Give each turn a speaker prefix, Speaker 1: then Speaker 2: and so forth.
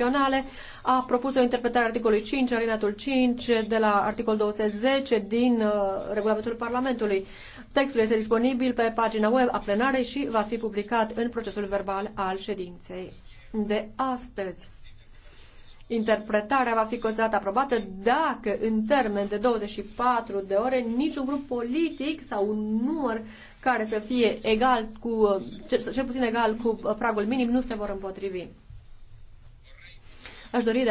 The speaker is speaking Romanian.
Speaker 1: constituționale, a propus o interpretare a articolului 5, alineatul 5 de la articol 210 din uh, regulamentul Parlamentului. Textul este disponibil pe pagina web a plenarei și va fi publicat în procesul verbal al ședinței de astăzi. Interpretarea va fi considerată aprobată dacă în termen de 24 de ore niciun grup politic sau un număr care să fie egal cu, uh, cel puțin egal cu uh, pragul minim nu se vor împotrivi.
Speaker 2: Aș dori de